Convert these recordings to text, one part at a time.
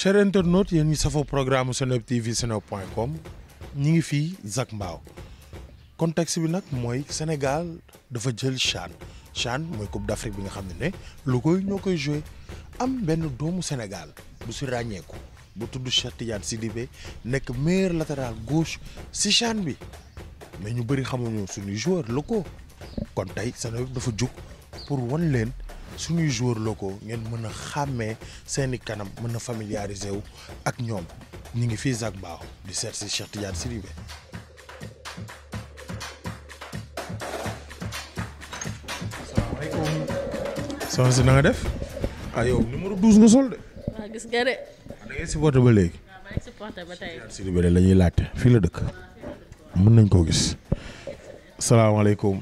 chers internautes yéen ñi safoo programme Seneweb TV seneweb point com ñi ngi fii Zac Mbao contexte bi nag mooy Sénégal dafa jël CHAN CHAN mooy Coupe d'Afrique bi nga xam ne ne lu koy ñoo koy joué am benn doomu Sénégal bu si ràññeeku bu tudd Cheikh Tidiane Sidibé nekk meilleur latéral gauche si CHAN bi mais ñu bëri xamuñu suñuy joueur ko kon tey Seneweb dafa jug pour won leen suñuy joueurs ko ngeen mën a xàmmee seeni kanam mën a familiariser wu ak ñoom ñu ngi fii Zac Mbao di seet si Cheikh Tidiane Sidibé asalaamaaleykum soxna si na nga def ah yow ah, ah, ba léegi ah, supporter la ñuy laajte fii dëkk mën nañ koo gis salaamaaleykum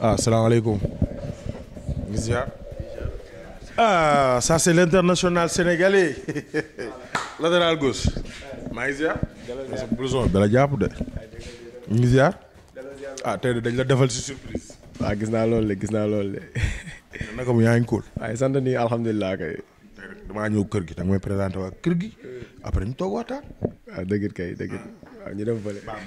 ah salaamaaleykum Bizarre. ah ça c'est l'international sénégalais latéral gauche dala jàpp de. ñu ngi ziar. ah tey dañ la defal si surprise. waaw gis naa loolu de gis naa loolu de. naka mu yaa ngi kóol. waaye sant nii alhamdulilah kay. damaa ñëw kër gi da mooy présenté waa kër gi après ñu toog waxtaan. waaw dëgg it kay dëgg it waaw ñu dem fële. baam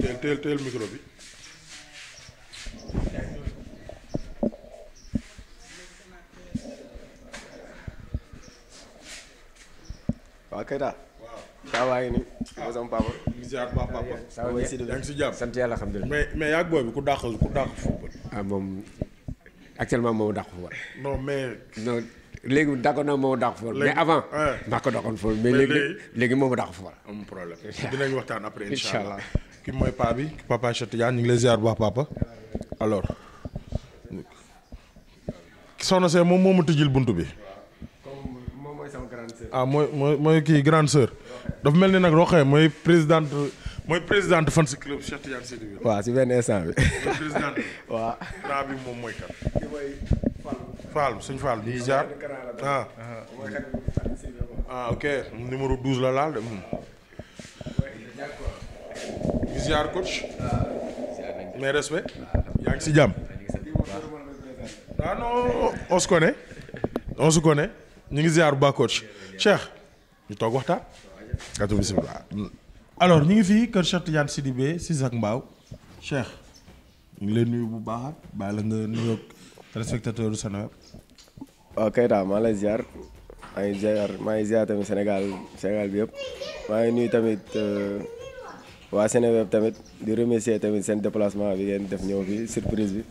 teel teel teel bi. waaw kay daal. waaw saa waay ni. ah sama papa. si yaa sant yàlla alhamdulilah. mais mais booy bi ku dàq ku dàq football. ah moom actuellement moo dàq football. non mais. non léegi dàqoon na moo dàq football. mais avant. maa ko dàqoon football mais léegi léegi moo ma dàq football. amul waxtaan après incha allah. ki mooy paa bi papa Cheikh Tidiane ñu bu baax papa alors soxna see moom moo ma tijjil buntu bi. moom mooy sama grande sœur. ah mooy mooy mooy kii grande sœur. dafa mel ni nag Rokhaya mooy présidente mooy présidente fan si club Cheikh Tidiane Sidi bi. si benn instant bi. mooy présidente. bi moom mooy kan. ki mooy Fall. Fall suñu ah. ok numéro 12 la laal hmm. di ziar coach ngi si jàmm ah non ñu ngi ziar ngi fii kër Cheikh Tidiane Sidibé Sisak Mbao Cheikh ñu ngi leen nuyu bu baax bàyyi la nga nuyoog téléspectateur du Seneweb. waaw Keita maa ngi lay maa ngi ziar maa ngi ziar tamit Sénégal bi yëpp maa ngi nuyu tamit. Euh, waa Seneweb tamit di remercier tamit seen déplacement bi ngeen def ñëw fi surprise bi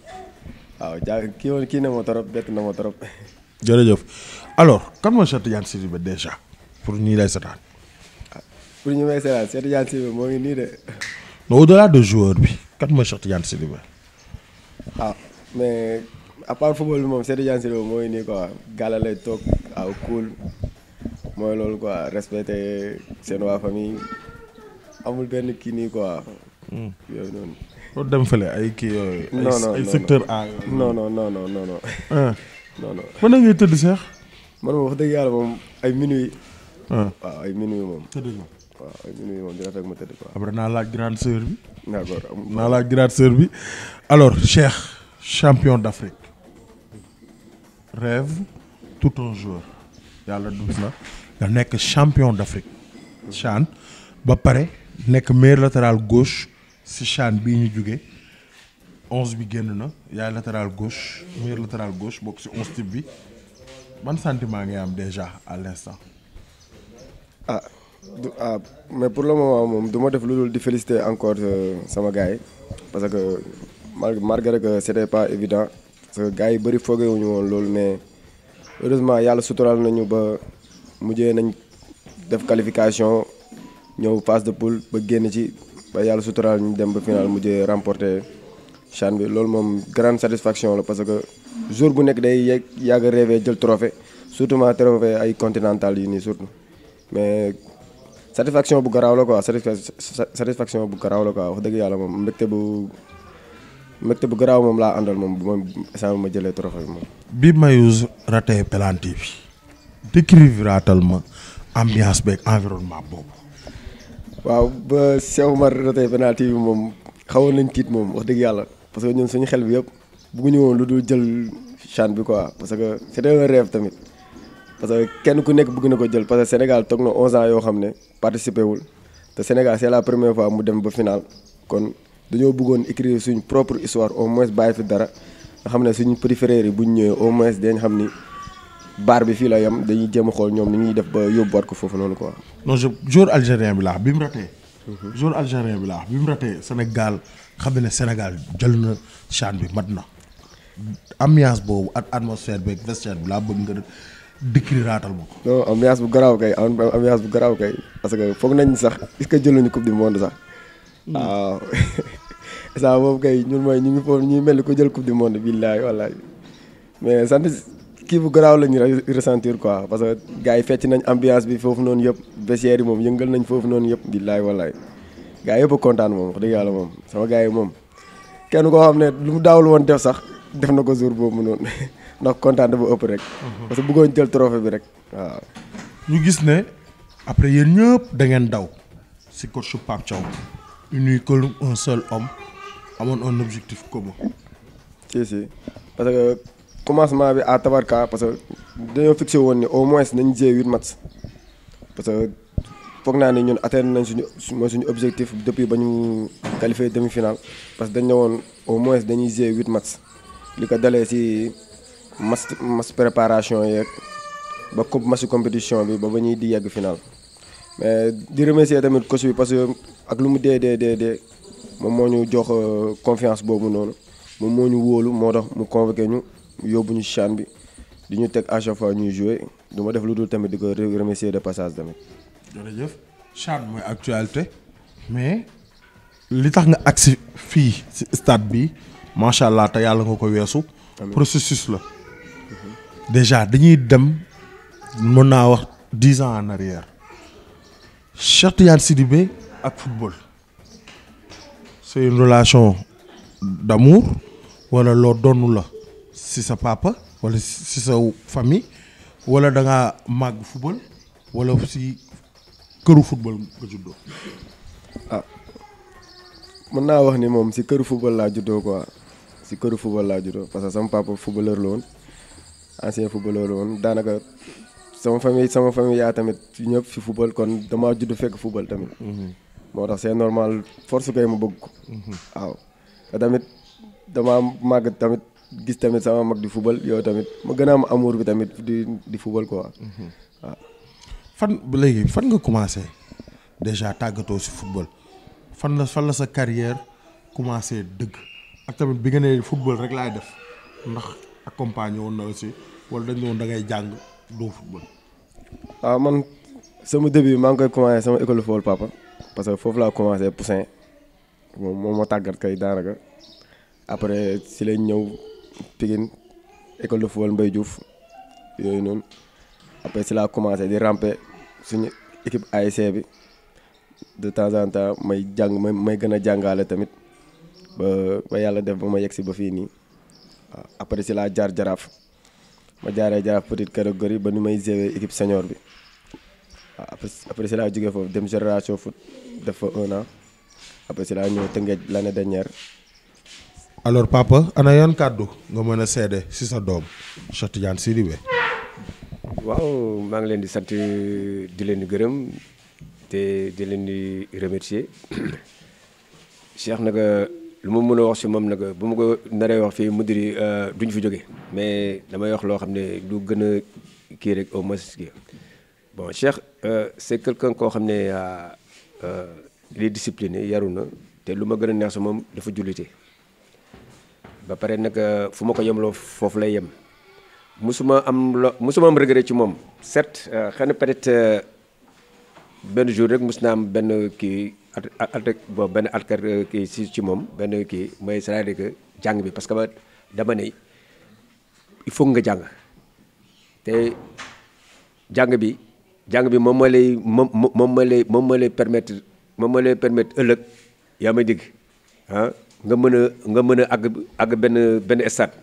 waaw jaa kii woon kii na ma trop bett na ma trop. jërëjëf alors kan mooy Cheikh Tidiane Sidibé déjà pour ñi lay ah, ñu may seetaan moo ngi nii de. mais au delà de joueur bi kan mooy Cheikh Tidiane Sidibé. ah mais à part football bi moom Cheikh Tidiane moo ngi nii quoi gala lay toog waaw cool mooy loolu quoi respecter seen waa famille. amul benn kii nii quoi. Hmm. yooyu noonu. pour dem fële ay kii yooyu. non non ay secteur A. non non non non non non. Ah. non non. mën na ngay tëdd seex. man moom wax dëgg yàlla moom ay minuit. Ah. waaw ay minuit moom. tëdd na waaw ay minuit moom dina fekk ma tëdd quoi. après naa laaj grande sœur bi. d'accord naa laaj grande sœur bi. alors Cheikh champion d'Afrique. rêve tout un joueur. yàlla dugg la nga nekk champion d'Afrique. chan ba pare. nekk meilleur latéral gauche si CHAN bii ñu jóge onze bi génn na yaay latéral gauche meilleur latéral gauche bokk si onze type bi ban sentiment ngay am déjà à l'instant ah ah mais pour le moment moom du ma def lu dul di féliciter encore euh, sama gars yi parce que malgré que c'était pas évident parce que gars yi bëri foogewuñu woon loolu mais heureusement yàlla suturaal nañu ba mujjee nañ def qualification ñëw phase de poule ba génn ci ba yàlla suturaal ñu dem ba final mujjee remporter CHAN bi loolu moom grande satisfaction la parce que jour bu nekk day yegg yàgg a jël trophée surtout ma trophée ay continental yi nii surtout mais satisfaction bu garaaw la quoi satisfaction bu garaaw la quoi wax dëgg yàlla moom mbégte bu mbégte bu garaaw moom laa àndal moom bu ma sama ma jëlee trophée bi moom. bi Mayus raté penalty bi décrire ma boobu. waaw ba Cheikh Oumar ratee penalty bi moom xawoon nañ tiit moom wax dëgg yàlla parce que ñun suñu xel bi yëpp bëgguñu woon lu dul jël CHAN bi quoi parce que c'était un tamit parce que kenn ku nekk bëgg na ko jël parce que Sénégal toog na 11 ans yoo xam ne participé wul te Sénégal c'est la première fois mu dem ba final kon dañoo bëggoon écrire suñu propre histoire au moins bàyyi fi dara nga xam ne suñu préféré yi bu ñëwee au moins dañ xam ni. baar bi fii la yem dañuy jéem a xool ñoom ni ñuy def ba yóbbuwaat ko foofu noonu quoi. non je jour algérien bi laa bi mu ratee. Mhm. jour algérien bi laa bi mu ratee Sénégal xam ne Sénégal jël na chan bi mat na. ambiance boobu ak atmosphère beeg vestiaire bi laa bëgg nga décrire raatal ma ko. non bu garaaw kay ambiance bu garaaw kay parce que foog nañ sax est-ce que jëluñu coupe du monde sax. Mm. waaw saa boobu kay ñun mooy ñu ngi foofu ñuy mel ni ko jël coupe du monde billaahi wallaahi mais kii bu garaaw la ñu ressentir quoi parce que gars yi fecc nañ ambiance bi foofu noonu yëpp vestiaire yi moom yëngal nañ foofu noonu yëpp billaay wallaay gars yëpp a kontaan moom koo xam ne lu mu daawul woon def na ko jour boobu noonu ndax kontaan dafa ëpp rek. Mhm. parce que bëggoon jël trophée bi rek waaw. ñu gis ne après yéen ñëpp da ngeen daw si coach Pape Thiaw unir que un seul homme amoon un objectif commun. si si parce que. commencement bi à Tabarka parce que dañoo fixé woon ni au moins nañ jouer huit matchs parce que foog naa ni ñun atteindre nañ suñu mooy suñu objectif depuis ba ñu qualifié demi-finale parce que dañ ne woon au moins dañuy jouer huit matchs li ko dalee ci match match préparation yeeg ba coupe match compétition bi ba ba ñuy di yegg final mais di remercier tamit coach bi parce que ak lu mu dee dee dee dee moom moo ñu jox euh, confiance boobu noonu moom moo ñu wóolu moo tax mu convoqué ñu. yóbbu ñu chan bi di ñu teg à chaque fois ñuy jouer du def lu dul tamit di ko remercier de passage tamit. jërëjëf chan mooy actualité mais li tax nga agsi fii ci stade bi macha allah te yàlla nga ko weesu. processus la. déjà dañuy dem mën naa wax dix ans en arrière Cheikh Tidiane Sidibé ak football c'est relation d'amour wala loo donnu la. si sa papa wala si sa famille wala da ngaa màgg football wala si këru football nga juddoo. ah mën naa wax ni moom si këru football laa juddoo quoi si këru football laa juddoo parce que sama papa footballeur la woon ancien footballeur daanaka sama famille sama famille yaa tamit ñëpp si football kon damaa judd fekk football tamit. Mm-hmm. moo tax c'est normal force kay ma bëgg ko. Mm-hmm. waaw te tamit damaa màgg tamit gis tamit sama mag di fubal yow tamit ma gën a am amour bi tamit di di fubal quoi. Mhm. fan ba léegi fan nga commencé déjà tàggatoo si football fan la la sa carrière commencé dëgg ak tamit bi nga nee football rek laay def ndax accompagné woon na aussi wala dañ woon da ngay jàng doo football. waaw ah, man sama yi maa ngi koy commencé sama école football papa parce que foofu laa commencé Poussin moom moo ma tàggat kay daanaka après si lañ ñëw. Pikine école de football mbay Diouf yooyu noonu après si laa commencé di ramper suñu équipe ASC bi de temps en temps may jàng may may gën a jàngaale tamit ba yàlla def ba ma yegg si ba fii nii waaw après si laa jaar jaraaf ma jaaree jaraaf petite catégorie ba nu may gérer équipe senior bi waaw après si laa jógee foofu dem génération foot def fa un après si laa ñëw Tëngéej l'année dernière. alors papa ana yan kàddu nga mën a seede si sa doom Cheikh Tidiane Sidibé waaw maa ngi leen di sant di leen di gërëm te di leen di remercier Cheikh naga lu ma mën a wax si moom nag bu ma ko naree wax fii mudiri euh, duñ fi jóge mais damay wax loo xam ne lu gën a kii rek au moins kii bon Cheikh euh, c'est quelqu'un koo xam ne euh, li discipliné yaru na te lu ma gën a neex si moom dafa jullite ba pare nag euh, fu ma ko yemloo foofu lay yem musuma am lo musuma am regret ci moom certes euh, xëy na peut-être euh, benn jour rek mus naa am benn kii at at bon benn alkar kii si ci moom benn kii mooy cest à jàng bi parce que ba dama il faut nga jàng te jàng bi jàng bi moom moo lay moom moom moo lay moom permettre moom moo lay permettre ëllëg yaa ma digg ah. nga mën a nga mën a àgg àgg benn benn stade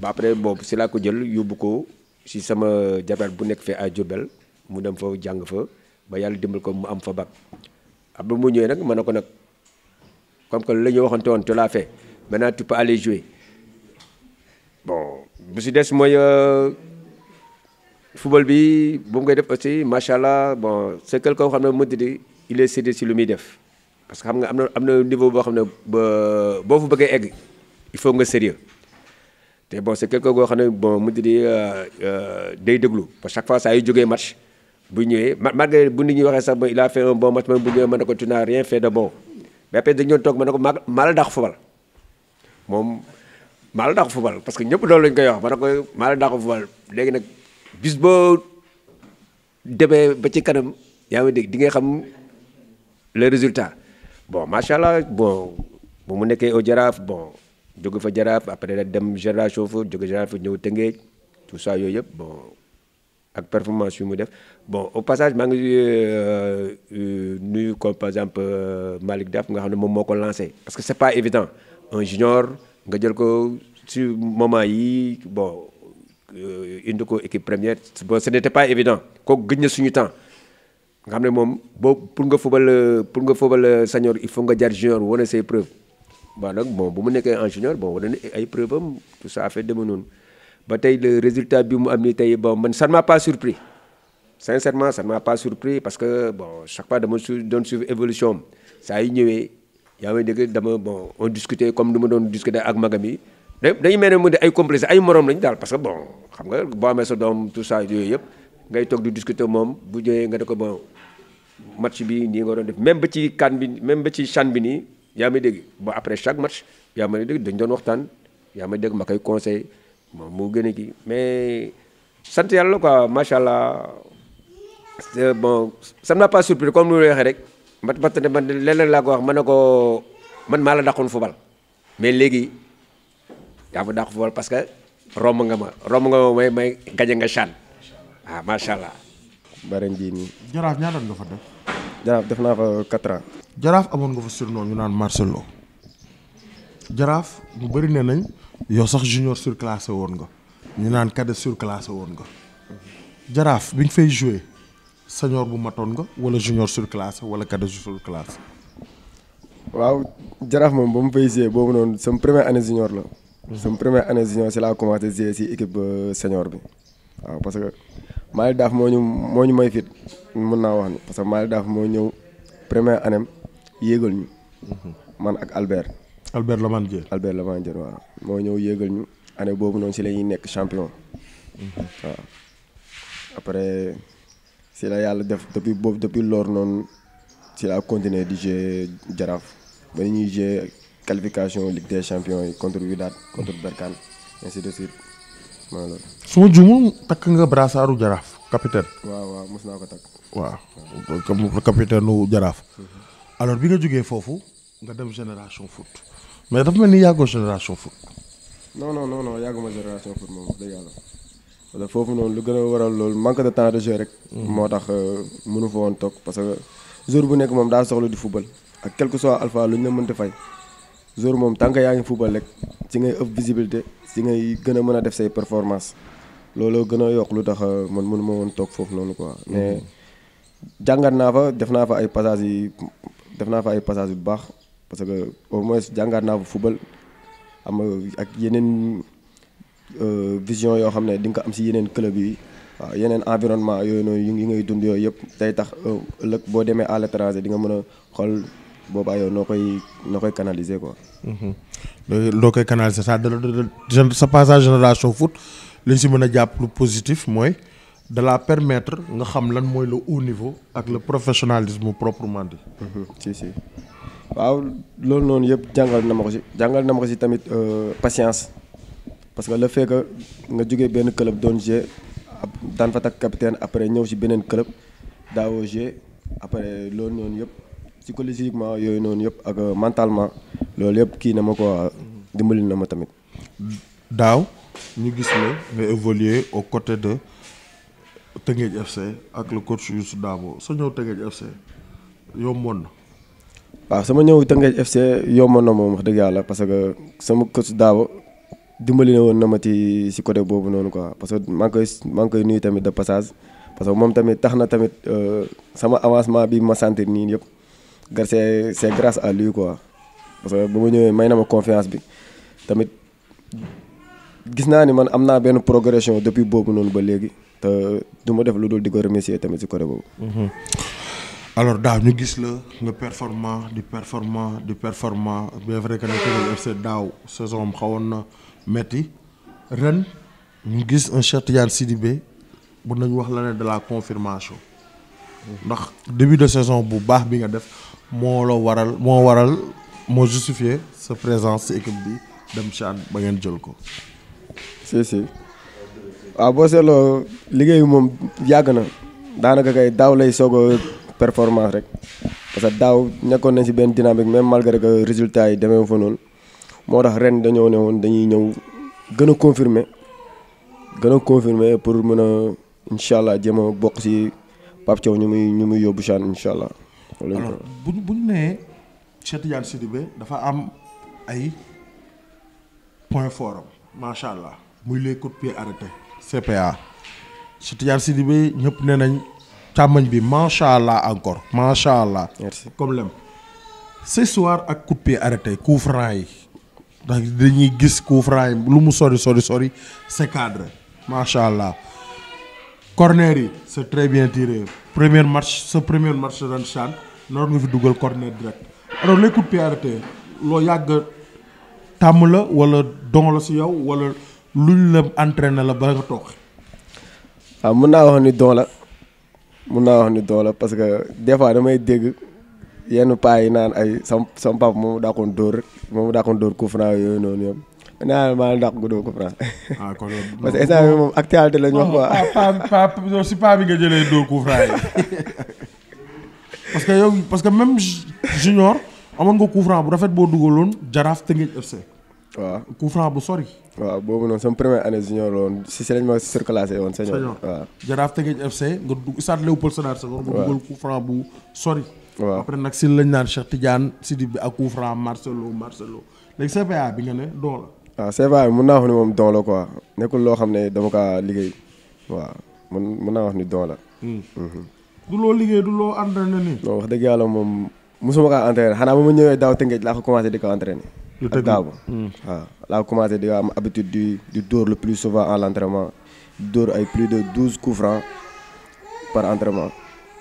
ba après boobu si laa ko jël yóbbu ko si sama jabar bu nekk fi ay Diourbel mu dem fa jàng fa ba yàlla dimbal ko mu am fa bac après mu ñëwee nag ma ne ko nag comme que la ñu waxante woon tu l'as fait maintenant tu peux aller jouer bon bu si des mooy euh, football bi bu mu def aussi macha allah bon c'est quelqu'un koo xam ne mënti di il est sédé si lu muy def. parce que xam nga am na am na niveau boo xam ne ba boo fa bëggee egg il faut nga sérieux te bon c'est quelque koo xam ne bon mu di euh, euh, day déglu parce que chaque fois saa yu jógee match bu ñëwee malgré bu nit ñi waxee sax ba il a fait un bon man bu ñëwee mën ko tu n'as rien fait de bon mais après dañu doon toog mën na ko ma maa la dàq fubal moom maa la fobal parce que ñëpp loolu lañ koy wax mën na ko maa la dàq fubal léegi nag bis boo demee ba ci kanam yaa ngi dégg di nga xam le résultat bon macha allah bon bu mu nekkee au jaraaf bon jóge fa jaraaf après dem génération fa jóge jaraaf ñëw Tëngéej tout ça yooyu yëpp bon ak performance yu mu def bon au passage maa ngi euh, euh, nuyu comme par exemple euh, Malick Daf nga xam ne moom moo ko lancé parce que c'est pas évident un junior nga jël ko ci moment yi bon indi ko équipe première bon ce n'était pas évident kooku gëj na suñu temps nga xam ne moom boo pour nga fubal pour nga fubal euh, senior il faut nga jar junior wane say preuve waaw nag boo bu mu nekkee en junior bon wane na ay preuve am tout ça affaire deme tey résultat bi mu am ni tey boo man ça ne m'a pas surpris sincèrement ça ne m'a pas surpris parce que bon chaque fois dama su doon suivre évolution am saa ñëwee yaa may dégg dama bon on discutait comme ni ma doon discuter ak magam yi dañu mel ne mu de ay complice ay morom lañu daal parce que bon xam nga boo amee sa doom tout ça yooyu yëpp ngay toog di moom bu ñëwee nga ne ko bon match bi nii nga def même ba ci kan bi même ba ci chan bi nii yaa may dégg ba après chaque match yaa may dégg dañ doon waxtaan yaa may dégg ma koy conseil moom moo gën a kii mais sant yàlla quoi macha allah bon ça m'a pas surpris comme lu lay waxee rek mat parce que man leneen laa ko wax ma ne ko man maa la dàqoon football mais léegi yaa ma dàq football parce que romb nga ma romb nga ma may may gaje nga chan ah, macha allah. ba ren jii nii. jaraaf ñaata nga fa def. jaraaf def naa fa quatre ans. jaraaf amoon nga fa surnom ñu naan Marcelo jaraaf mu bëri ne nañ yow sax junior surclassé woon nga ñu naan cadet surclassé woon nga jaraaf bi fay joué senior bu matoon nga wala junior surclassé wala cadet surclassé. waaw jaraaf moom ba mu fay joué boobu noonu sama première année junior la. Mhm. sama première année junior si laa commencé joué si équipe euh, senior bi waaw parce Malick Daaf moo ñu moo ñu may fit mun naa wax ni parce que Malick Daaf moo ñëw première année yéegal ñu. Mm-hmm. man ak Albert. Albert Lamandier Albert Lamandier waa moo ñëw yéegal ñu année boobu noonu si lañuy nekk champion. Mm-hmm. waaw après si la yàlla def depuis boobu depuis loor noonu si la continuer di jouer jaraaf ba ñuy jouer qualification Ligue des champions yi contre Wydad contre Berkane ainsi de suite. su ma mu takk nga brassaaru jaraaf capitaine. waaw waaw mos naa ko takk. waaw comme capitaine nu jaraaf. Mhm. alors bi nga jógee foofu nga dem génération foot mais dafa mel ni yàggoo génération foot. non non non non yàgguma génération foot moom wax yàlla. wala foofu noonu lu gën a waral loolu manque de temps de jeu rek. Mhm. moo tax euh, mënu fa woon toog parce que jour bu nekk moom daa soxla di football ak quel que soit alpha lu ñu la mënta fay jour moom tànk yaa ngi football rek ci ngay si ngay gën a mën a def say performance looloo gën a yokk lu tax euh, man mënu ma woon toog foofu noonu quoi mais mm-hmm. jàngat naa fa def naa fa ay passage yi def naa fa ay passage bu baax parce que au moins jàngat naa fa football am ak yeneen euh, vision yoo xam ne di nga ko am si yeneen club yi waaw yeneen environnement yooyu noonu yi ngay dund yooyu yëpp day tax euh, ëllëg boo demee à l'étranger di nga mën a xool boobu ayoo noo koy noo koy canaliser ko mhm. loo koy canaliser ça de la sa passage génération foot li si mën a jàpp lu positif mooy de la permettre nga xam lan mooy lu haut niveau ak le professionnalisme proprement dit. Mhm. si si waaw loolu noonu yëpp jàngal na ma ko si jàngal na ma ko si tamit euh, patience parce que le fait nga jógee benn club doon jouer daan fa takk capitaine après ñëw si beneen club daawoo jouer après loolu noonu yëpp. psychologiquement yooyu noonu yëpp ak euh, mentalement loolu yëpp kii na ma ko dimbali na ma tamit. daaw ñu gis ne au côté de Tëngéej FC ak le coach Youssou Dabo sa ñëw Tëngéej FC yomboon na. waaw ma ñëw Tëngéej FC yomboon na moom wax dëgg yàlla parce que sama coach Dabo dimbali na woon na ma ci si côté boobu noonu quoi parce que maa ngi koy maa koy nuyu tamit de passage parce que moom tamit tax na tamit euh, sama avancement bi ma sentir nii yëpp. c'est c'est grâce à lui quoi parce que ba ma ñëwee may na ma confiance bi tamit gis naa ni man am naa benn progression depuis boobu noonu ba léegi te du def lu dul di ko remercier tamit si côté boobu. Mm-hmm. alors daaw ñu gis la nga performant di performant di performant bien vrai que ne daaw saison am xawoon na metti ren ñu gis un Cheikh Tidiane Sidibé bu nañu wax la ne de la confirmation. ndax début de saison bu baax bi nga def. moo waral moo waral moo justifier sa présence ci équipe bi dem CHAN ba ngeen jël ko. si si waaw boo seetloo liggéey moom yàgg na daanaka kay daaw lay soog performance rek parce que daaw nekkoon nañ si benn dynamique même malgré que résultat yi demee fa noonu moo tax ren dañoo ne woon dañuy ñëw gën a confirmer gën a confirmer pour mën a incha allah jéem a bokk ci Pape Thiaw ñu muy ñu muy yóbbu CHAN incha allah. alors bu ñu bu ñu nee Cheikh Tidiane dafa am ay point fort am macha allah muy les coups de pied arrêtés CPA Cheikh Tidiane Sidibé ñëpp nee nañ càmmañ bi macha allah encore macha allah. merci comme lem ce soir ak coups de pied arrêtés coup franc yi ndax dañuy gis coup franc yi lu mu sori sori sori c'est cadre macha allah. corner yi c'est très bien tiré première match sa premier match ren chan naroon nga fi dugal corner direct alors les coups de loo yàgg tàmm la wala dongo si yow wala luñ la entraîné la bala nga toog. waaw ah, mun naa wax ni doola la mun naa wax ni doola la parce que des fois damay dégg yenn paa yi naan ay sam sam papa moom daakoon dóor rek moom daakoon dóor coup franc yooyu noonu yëpp. naa ah, maa ndax guddoo ko franc. Ah, instant bi moom actualité la ñu wax quoi. paa paa si paa bi nga jëlee doo coup yi. parce que yow parce que même junior amoon nga coup bu rafet boo dugaloon jaraaf Tëngéej FC. waaw coup bu sori. waaw boobu noonu sama première année junior la si si lañ ma surclassé woon. senior waaw jaraaf Tëngéej FC nga dugg stade Léopold Sédar Senghor. waaw nga dugal coup bu sori. waaw après nag si lañ naan Cheikh Tidiane Sidi bi ak coup franc Marcelo Marcelo léegi CPA bi nga ne don la. waaw CFA bi mun naa wax ni moom don la quoi nekkul loo xam ne dama kaa liggéey waaw mun mun naa wax ni don du loo liggéey du loo entraîné nii. wax dëgg yàlla moom mosuma ka entraîné xanaa ba ma ñëwee daaw tëngeej laa ko commencé di ko entraîné. lu tënk daaw hmm. waaw laa ko commencé di ko am habitude di di dóor le plus souvent à l' entraînement dóor ay plus de douze coups francs par entraînement.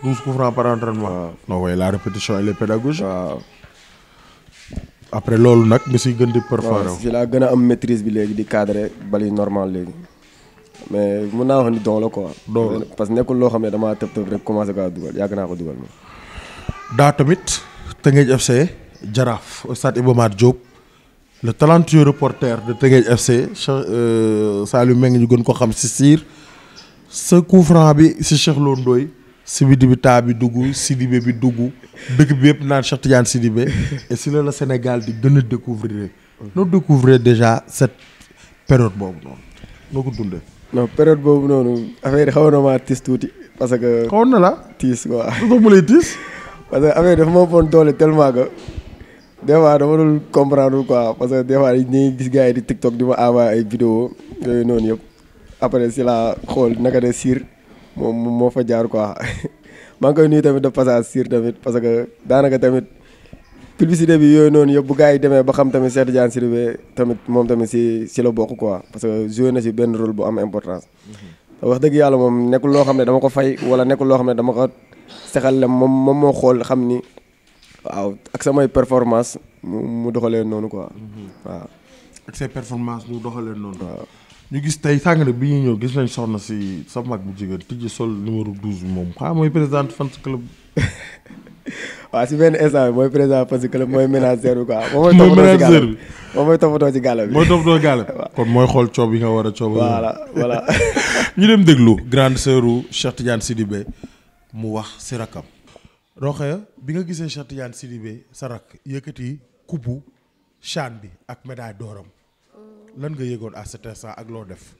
douze coups par entraînement. waaw non waaye la répétition elle est waaw. après loolu nag nga siy gën di. performer waaw laa gën a am maitrise bi léegi di cadrer bali normal léegi. mais mën naa wax ni don la quoi. don parce que nekkul loo xam ne damaa tëb tëb rek commencé kaa dugal yàgg naa ko dugal moom. daa tamit Teungueth FC Jaraaf au stade Iba Mar Diop le talentueux reporter de Teungueth FC euh, Saliou Meng ñu gën ko xam si siir sa coup bi si Cheikh Lo si bidi bi taa bi dugg Sidibé bi dugg dëkk bi yëpp naan Cheikh Tidiane Sidibé et si la la Sénégal di gën a découvrir noo découvrir déjà cette période boobu noonu noo ko non période boobu noonu affaire yi na maa tiis tuuti parce que. xawoon na la tiis quoi. lu mu lay tiis. parce que affaire dafa ma bon que des fois dul comprendre quoi parce que des fois dañuy gis yi di TikTok di ma envoyé ay vidéo yooyu noonu yëpp après si laa xool naka de siir moom moo fa jaar quoi maa ngi koy nuyu tamit de passage siir tamit parce que daanaka tamit. publicité bi yooyu noonu yëpp bu gars yi demee ba xam tamit Cheikh Tidiane Sidibé tamit moom tamit si si la bokk quoi parce que joué na si benn role bu am importance. Mm-hmm. wax dëgg yàlla moom nekk loo xam ne dama ko fay wala nekk loo xam ne dama ko sexal la moom moom moo xool xam ni waaw ak samay performance mu doxalee noonu quoi mm-hmm. waaw. ak say performance mu doxalee noonu. waaw gis tey sàngara bi ñuy ñëw gis nañ soxna si sa mag bu jigéen tijji sol numéro 12 moom xaa mooy présidente fan club. waa si benn instant mooy président parce que mooy ménagère bi quoi. moom mooy toppatoo si moom mooy toppatoo si gàll bi. mooy toppatoo gàll kon mooy xool coob yi nga war a coob. voilà voilà. ñu dem mu wax si rakam. Rokhaya bi nga gisee Cheikh Tidiane Sidibé sa rak yëkkati kubbu chan bi ak médaille dooram lan nga yëgoon à cet ak loo def.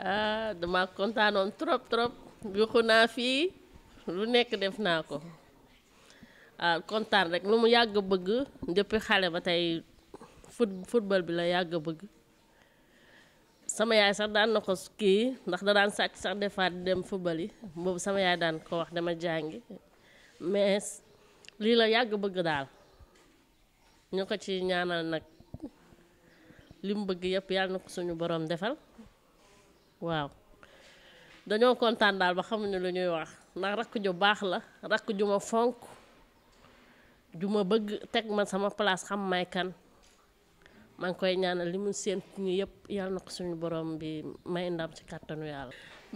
ah dama kontaanoon trop trop. yuxu naa fii lu nekk def naa ko. waaw euh, kontaan rek lu mu yàgg bëgg depuis xale ba tey foot football bi la yàgg bëgg sama yaay sax daan na ko kii ndax da daan sàcc sax defaat dem football yi boobu sama yaay daan ko wax dama jàngi mais lii la yàgg bëgg daal ñu ko ci ñaanal nag li bëgg yëpp yàlla na ko suñu borom defal waaw dañoo kontaan daal ba xamuñu lu ñuy wax ndax rakk ju baax la rakk ju ma fonk ju ma bëgg teg ma sama place xam may kan maa ngi koy ñaanal li mu séentu ñu yëpp yàlla na suñu borom bi may ndam si kàttanu yàlla.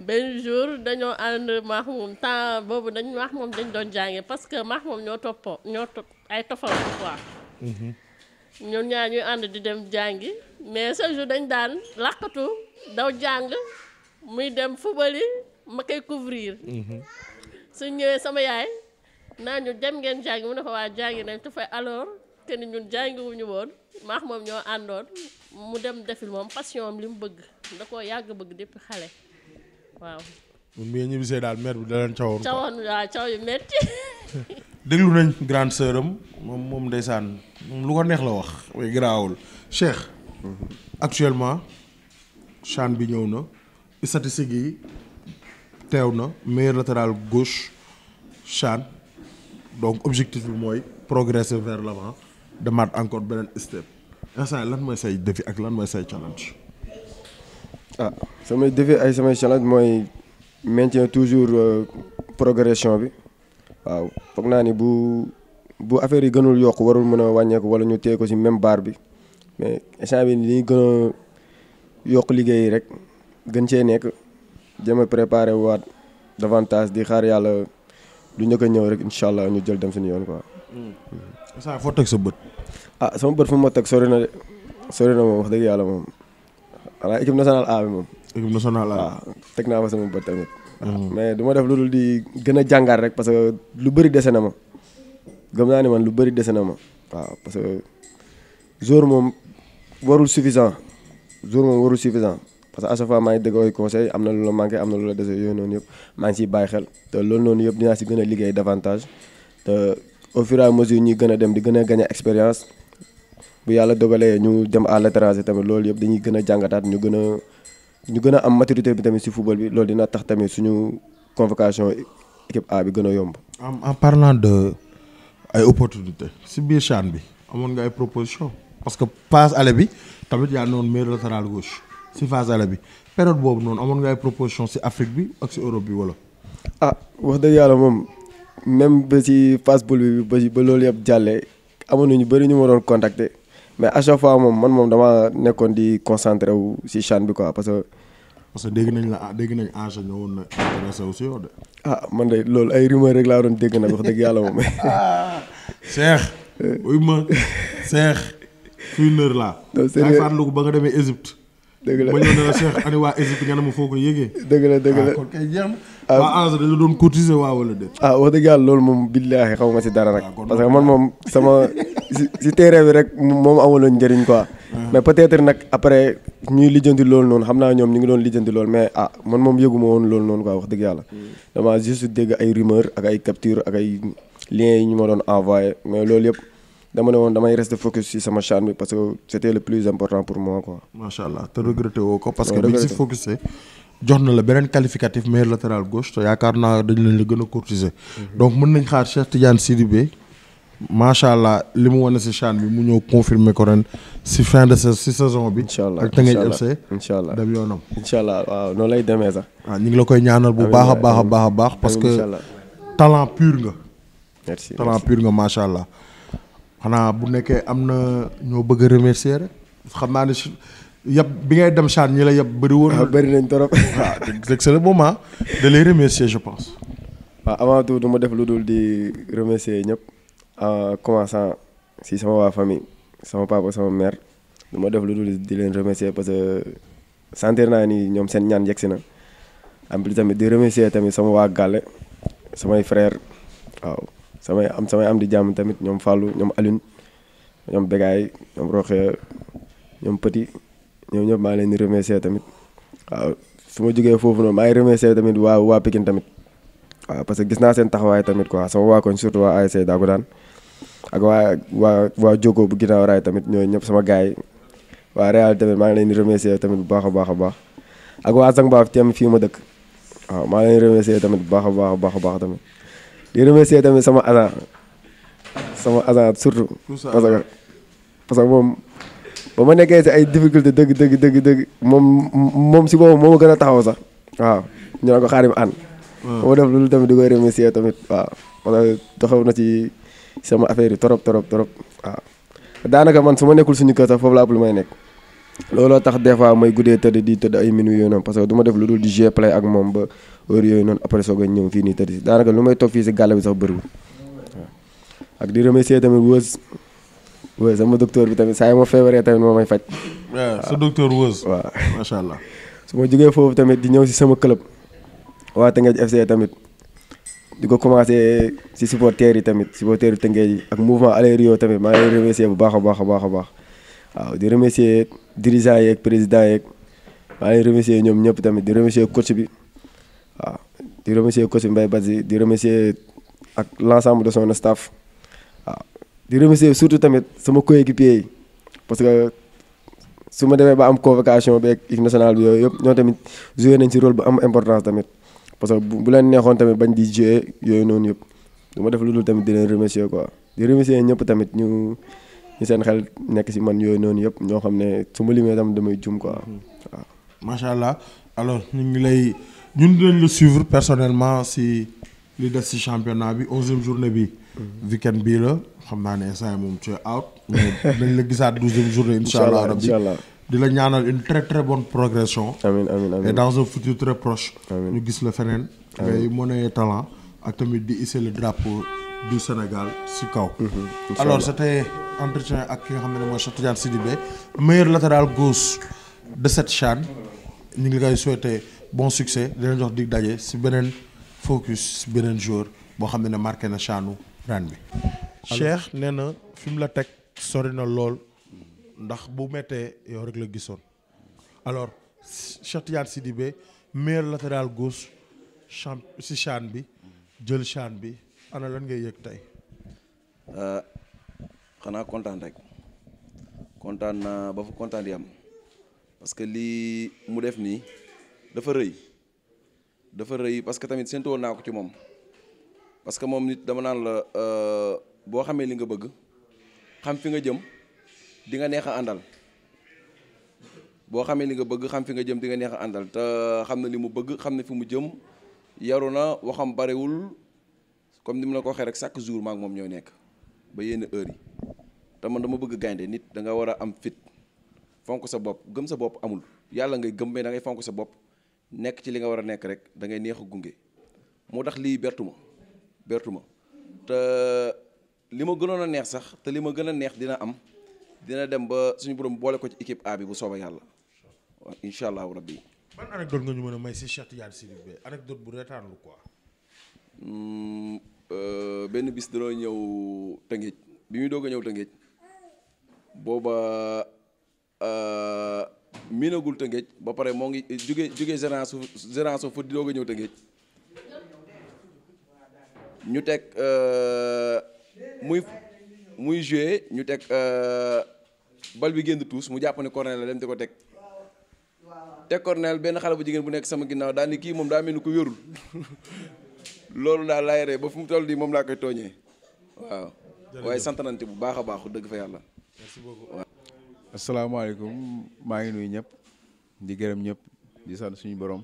benn jour dañoo ànd maax moom temps boobu dañ wax moom dañ doon jànge parce que maax moom ñoo toppoo ñoo topp ay tofal quoi. Mhm. ñun ñaar ñuy ànd di dem jàngi mais ce jour dañ daan làqatu daw jàng muy dem fubali ma koy couvrir. Mhm. suñ ñëwee sama yaay. naa ñu dem ngeen jàngi mu ne ko waa jàngi nañ te fay alors te ni jàngiwuñu woon maax moom ñoo àndoon mu dem defil moom passion am li mu bëgg da koo yàgg bëgg depuis xale waaw. ñun bu ñibbisee daal mère bi da cawoon. cawoon waaw caw yu metti déglu nañ grande sœur am moom moom ndeysaan lu ko neex la wax. way garaawul Cheikh. actuellement chan bi ñëw na statistique yi teew na meilleur latéral gauche chan. donc objectif bi mooy progresser vers l'avant demaat encore beneen step instant lan mooy say défi ak lan mooy ah samay défi ay samay challenge mooy maintien toujours euh, progression bi waaw foog naa ni bu bu affaire yi gënul yokk warul mën a wàññeeku wala ñu téye ko ci même barre bi mais instant bi li gën a yokk liggéey yi rek gën cee nekk jéem a préparer waat davantage di xaar yàlla. du ñu ko ñëw rek incha allah ñu jël dem suñu yoon quoi. Mm. saa foo teg sa bët. ah sama bët fu ma teg sori na de sori moom wax dëgg yàlla moom xanaa équipe nationale A bi moom. équipe nationale A ah, teg naa fa sama bët tamit. Mm. Ah, mais du ma def lu dul di gën a jàngaat rek parce que lu bëri dese na ma gëm naa ne man lu bëri dese na ma waaw parce que jour moom warul suffisant jour moom warul suffisant. parce que à chaque fois maa ngi dégg ay conseil am na lu la manqué am na lu la yooyu noonu yëpp maa ngi ciy bàyyi xel te loolu noonu yëpp dinaa si gën a liggéey davantage te au fur et à ñuy gën a dem di gën a gagné expérience bu yàlla dogalee ñu dem à l'étranger tamit loolu yëpp dañuy gën a jàngataat ñu gën a ñu gën a am maturité bi tamit si football bi loolu dina tax tamit suñu convocation équipe A bi gën a yomb. en parlant de ay opportunité si biir CHAN bi amoon nga ay parce que passe aller bi tamit yaa noonu meilleur si phase aller bi période boobu noonu amoon nga ay proposition si Afrique bi ak si Europe bi wala. ah wax dëgg yàlla moom même ba si phase poule bi ba loolu yëpp jàlle amoon nañu bëri ñu ma doon contacter mais à chaque fois moom man moom damaa nekkoon di concentré wu si chan bi quoi parce que. parce que dégg nañ la ah dégg nañ Ange ñëwoon na intéressé wu ah, man de loolu ay rumeur rek laa doon dégg nag wax dëgg yàlla moom. Cheikh. uy euh. ma Cheikh. fii lër laa. ba nga demee Égypte. dégg la ma ñëw ne la Cheikh ani waa Égypte ah, na. Ah. waa Anza waa wala déet. ah wax dëgg loolu moom billaahi xaw ma si dara ah, nag. parce que man moom sama si si terrain bi rek moom amaloon njëriñ quoi. mais peut-être nag après ñuy lijjanti loolu noonu xam naa ñoom ñu ngi doon lijjanti lool mais ah man moom yëgu ma woon loolu noonu quoi wax dëgg yàlla. Hmm. dama juste dégg ay rumeur ak ay capture ak ay liens yi ñu ma doon envoyé mais loolu yëpp. dama woon damay rest focus ci sama chan bi parce que c'était le plus important pour moi quoi. macha allah te regretté woo ko. parce que bi si focusé. jox na la beneen qualificatif meilleur latéral gauche te yaakaar naa dañ leen la gën a courtiser. Mhm. donc mën nañ xaar Cheikh Tidiane Sidibé. macha allah li mu wane si chan bi mu ñëw confirmer ko ren si fin de sa si saison bi. allah ak Teungueth FC. incha allah dem yoonam. incha allah waaw lay demee sax. waaw ah, ñu ngi la koy ñaanal bu baax a baax a baax a baax. parce que talent pur nga. merci talent pur nga macha allah. xanaa bu nekkee am na ñoo bëgg a remercier rek xam naa ne si yab bi ngay dem chan ñi la yab bëri woon. waaw ah, nañ trop. waaw ah, le moment de je pense. waaw ah, avant tout ma def lu dul di remercier ñëpp en commençant si sama waa fami sama papa sama mère du ma def lu dul di leen remercier parce que sentir naa ni ñoom seen ñaan yegsi na en tamit di remercier tamit sama waa Gàlle samay frère waaw. samay am samay am di jàmm tamit ñoom Fallou ñoom Alioune ñoom Begaay ñoom Roxe ñoom Petit ñoom ñëpp maa leen di remercier tamit waaw su ma jógee foofu noonu maa ngi remercier tamit waa waa que gis naa seen taxawaay tamit quoi sama waa koñ surtout waa ASC daa ko waa waa waa Jogo bu ginnaaw tamit ñooñu ñëpp sama gars yi waa Real maa ngi leen di tamit bu baax a baax a baax ak waa Zangbaaf tam fii ma dëkk waaw maa ngi leen di remercier tamit bu baax a baax a baax a baax tamit. ma remercier tamit sama agent sama agent surtout. parce que moom ba ma nekkee si ay difficulté dëgg dëgg dëgg dëgg moom moom si boobu moo ma gën a taxaw sax waaw ñu naan ko xaarim an ba ma def loolu tamit di koy remercier tamit waaw parce taxaw na ci sama affaire yi trop trop trop waaw daanaka man su ma nekkul suñu kër sax foofu laa ëpp lu may nekk. looloo tax des fois may guddee tëdd di tëdd ay minuit yooyu noonu parce que du ma def lu dul di jouer play ak moom ba heure yooyu noonu après soog a ñëw fii nii tëdd si daanaka lu may toog fii si gàll bi sax bëriwul ak di remercier tamit wës wës sama docteur bi tamit saa yi feebaree tamit moo may faj. Eh, waaw sa macha allah. su ma jógee foofu tamit di ñëw si sama club waa Tëngéej FC tamit di ko commencé si supporters yi tamit supporters yi Tëngéej yi ak mouvement Allé Rio tamit maa ngi remercier bu baax a baax a baax a baax. waaw di remercier dirigeant yeeg président yeeg maa ngi remercier ñoom ñëpp tamit di remercier coach bi waaw di remercier coach Mbaye si di remercier ak l' ensemble de son staff waaw di remercier surtout tamit sama coéquipier yi parce que su ma demee ba am convocation beeg équipe nationale bi yooyu yëpp ñoo tamit joué nañ ci role bu am importance tamit parce que bu leen neexoon tamit bañ di joué yooyu noonu yëpp du ma def lu dul tamit di leen quoi di remercier ñëpp tamit ñu. ñi seen xel nekk si man yooyu noonu yëpp ñoo xam ne su ma limee tam damay jum ko waaw. Mhm. macha allah alors ñu ngi lay ñun dinañ la suivre personnellement si li def si championnat bi onzième journée bi. Mhm. weekend bii la xam naa ne instant moom tu es out. mais dinañ la gisaat douzième journée. incha allah rabbi di la ñaanal une très très bonne progression. amiin amiin amiin et dans un futur très proche. ñu gis la feneen. ngay mën talent. ak tamit di hisser le drapeau du Sénégal si kaw. Mhm, alors c' était entretien ak ki nga xam ne mooy Cheikh Tidiane Sidibé meilleur latéral gauche de cette CHAN ñu ngi koy souhaiter bon succès di leen jox dig daje si beneen focus si beneen jour boo xam ne ne marqué na CHANu ren bi. Cheikh nee na fi mu la teg sori na lool ndax bu mettee yow rek la gisoon alors Cheikh Tidiane Sidibé meilleur latéral gauche champ si CHAN bi. jël chan bi ana lan ngay yëg tey. Euh, xanaa kontaan rek kontaan naa ba fa kontaan di am parce que lii mu def nii dafa rëy dafa rëy parce que tamit séntu woon naa ko ci moom parce que moom nit dama naan la euh, boo xamee li nga bëgg xam fi nga jëm di nga neex a àndal boo xamee li nga bëgg xam fi nga jëm di nga neex a àndal te xam na li mu bëgg xam ne fi mu jëm. yaru na waxam barewul comme ni mu la ko waxee rek chaque jour maak moom ñoo nekk ba yenn heure yi te man dama bëgg gaynde nit da war a am fit fonk sa bopp gëm sa bopp amul yàlla ngay gëm mais da ngay fonk sa bopp nekk ci li nga war a nekk rek da ngay neex a gunge moo tax lii bertu ma bertu ma te li ma gënoon a neex sax te li ma gën a neex dina am dina dem ba suñu borom boole ko ci équipe A bi bu soobee yàlla waaw incha allahu rabbi ban anecdote nga ñu mën a may si Cheikh Tidiane Chérif bi anecdote bu reetaan lu quoi. Hmm, euh, benn bis danoo ñëw Tëngéej bi muy doog a ñëw Tëngéej booba euh, miinagul Tëngéej ba pare moo ngi jóge jóge gérance gérance fa di doog a ñëw Tëngéej ñu teg euh, muy muy joué ñu teg bal bi génn tuus mu jàpp ne corner la dem di ko teg. te cornel benn xale bu jigéen bu nekk sama ginnaaw daan ni kii moom daa mel ni ku yorul loolu daal laay ree ba fu mu toll nii moom laa koy tooñee waaw. waaye sant bu baax a baax dëgg fa yàlla. merci beaucoup waaw. maa ngi nuyu ñëpp di gërëm ñëpp di sant suñu borom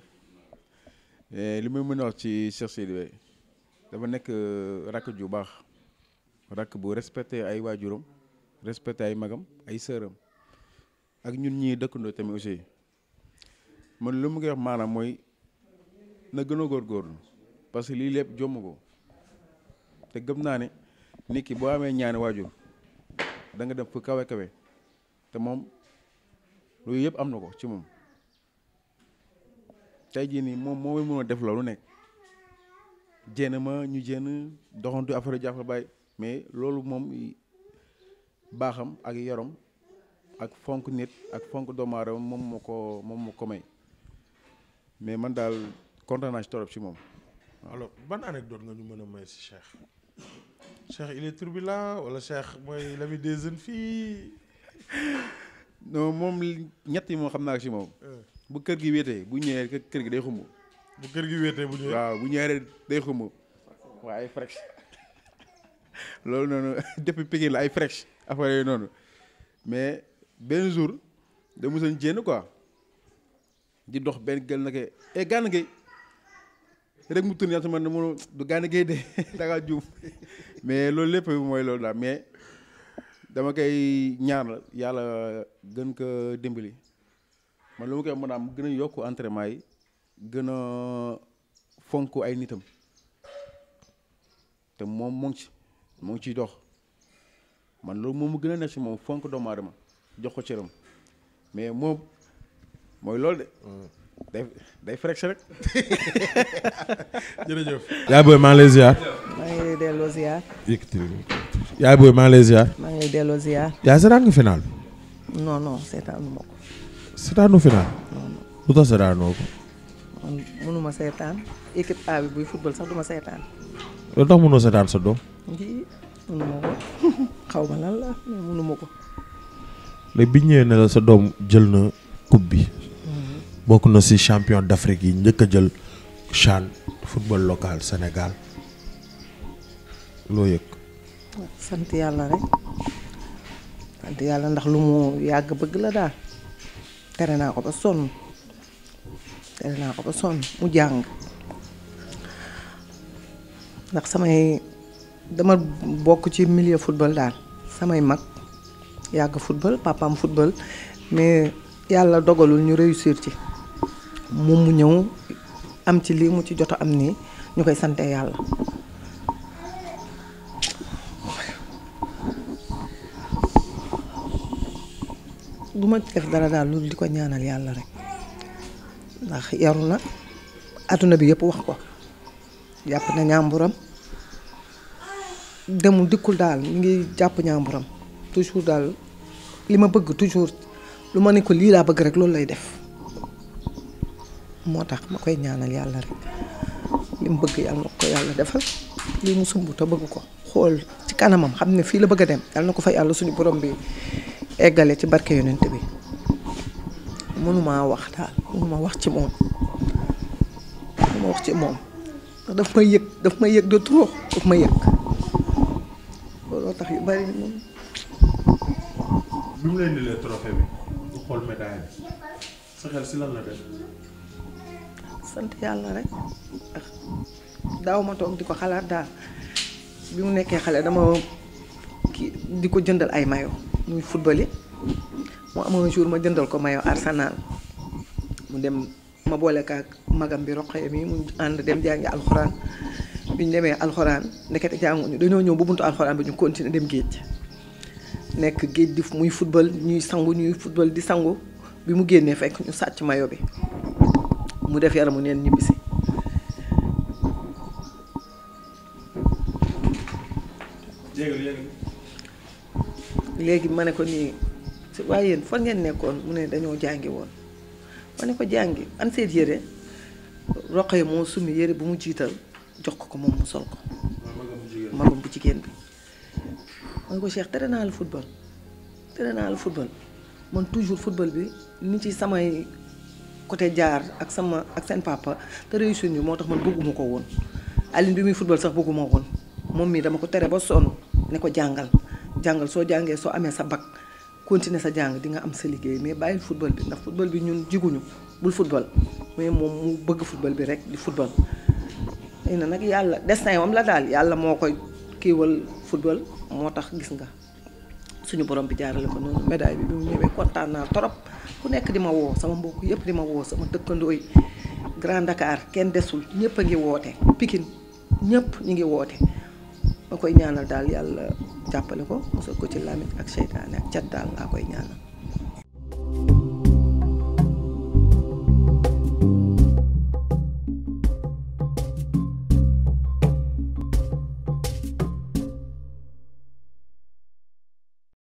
eh, li muy mën a wax ci Cheikh Sidy Weye dafa nekk euh, rakk ju baax rakk bu respecté ay waajuram respecté ay magam ay sëram ak ñun ñii dëkkandoo tamit aussi. man lu mu ngi wax maanaam mooy na gën a góor parce que lii lépp jomm ko te gëm naa ne nit ki boo amee ñaani waajur da nga dem fu kawe kawe te moom loolu yëpp am na ko ci moom tey jii nii moom moo mën a def loolu nekk jéem ma ñu jéem doxantu affaire jaaxal bàyyi mais loolu moom baaxam ak yaram ak fonk nit ak fonk doomu aadama moom moo ko moom moo ko may. mais man daal kontaan naa ci torop ci moom. alors ban anecdote nga ñu mën a may si Cheikh. Cheikh il est turbulent wala Cheikh mooy l'ami des jeunes fii non moom ñett yi moo xam naa ci moom. Euh. bu kër gi wéetee bu ñëwee kër gi day xumb. bu kër gi wéetee bu ñëwee bu ñëwee day xumb. waaw ay fresh loolu noonu depuis Pikine la ay fresh affaire noonu mais benn jour da musoon jénn quoi. di dox benn gël na kay e Gana Gueye rek mu tënk yàlla man ma du Gana Gueye de dangaa juum mais loolu lépp mooy loolu daal mais dama koy ñaar la yàlla gën ko dimbali man lu ma koy mën a am gën a yokk entraînement yi gën a fonk ay nitam te moom moo ci moo ngi ciy dox man loolu moom mu gën a nekk si moom fonk doomu aadama jox ko cëram mais moom. mooy loolu de. day day flex rek. yaay booy maa ngi lay ziar. maa ngi yaay seetaan nga final. non seetaanu ma ko. seetaanu final. lu tax seetaanoo ko. mënu seetaan équipe A bi buy football sax du seetaan. loolu tax mënoo seetaan sa doom. ji mënu ma ko ko. léegi bi ñëwee ne la sa doom jël na coupe bi. bokk na ci champion d'Afrique yi njëkk a jël CHAN football local Sénégal loo yëg. sant yàlla rek sant yàlla ndax lu mu yàgg bëgg la daal tere naa ko ba sonn tere naa ko ba sonn mu jàng ndax samay dama bokk ci milieu football daal samay mag yàgg football papaam football mais yàlla dogalul ñu réussir ci. moom mu ñëw am ci lii mu ci jot am nii ñu koy sante yàlla du ma def dara daal loolu di ko ñaanal yàlla rek ndax yaru na adduna bi yëpp wax ko jàpp na ñaamburam demul dikkul daal mi ngi jàpp ñaamburam toujours daal li ma bëgg toujours lu ma ne ko lii laa bëgg rek loolu lay def moo tax ma koy ñaanal yàlla rek li bëgg yàlla na ko yàlla defal li mu sumb te bëgg ko xool ci kanamam xam ne fii la bëgg a dem yàlla na ko fa yàlla suñu borom bi eggale ci barke yonent bi mënumaa wax daal mënuma wax ci moom moom ndax daf may yëg daf tax yu bari moom. bi mu lay xool médaille bi sant yàlla rek daaw ma toog di ko xalaat daal bi mu nekkee xale dama kii di ko jëndal ay mayo muy futbal yi mu amoon jour ma jëndal ko mayo Arsenal mu dem ma boole ko magam bi roqee mi mu ànd dem jàngi alxuraan bi ñu demee alxuraan ndekete jànguñu dañoo ñëw ba buntu alxuraan bi ñu continuer dem géej nekk géej di muy football ñuy sangu ñuy football di sangu bi mu génnee fekk ñu sàcc mayo bi mu def yaramu neen ñibbisi léegi ma ne ko nii waaye yéen ngeen nekkoon mu ne dañoo jàngi woon ma ne ko jàngi an yére roqo yi moo summi yére bu mu jiital jox ko ko moom mu sol ko magam bu jigéen bi ma ko Cheikh tere naa la football tere naa la football man toujours football bi ni ci samay côté jaar ak sama ak seen papa te réussir ñu moo tax man bëgguma ko woon Aline bi muy football sax bëgguma woon moom mii dama ko tere ba sonn ne ko jàngal jàngal soo jàngee soo amee sa bac continuer sa jàng di nga am sa liggéey mais bàyyi football bi ndax football bi ñun jiguñu bul football mais moom mu bëgg football bi rek di football. xëy na nag yàlla destin wam la daal yàlla moo koy kiiwal football moo tax gis nga suñu borom bi jaarale ko noonu médaille bi trop. ku nekk di ma woo sama mbokk yëpp di ma woo sama dëkkandoo yi Grand Dakar kenn desul ñëpp a ngi woote Pikine ñëpp ñu ngi woote ma koy ñaanal daal yàlla jàppale ko mosal ko ci lamit ak seytaane ak cat daal laa koy ñaanal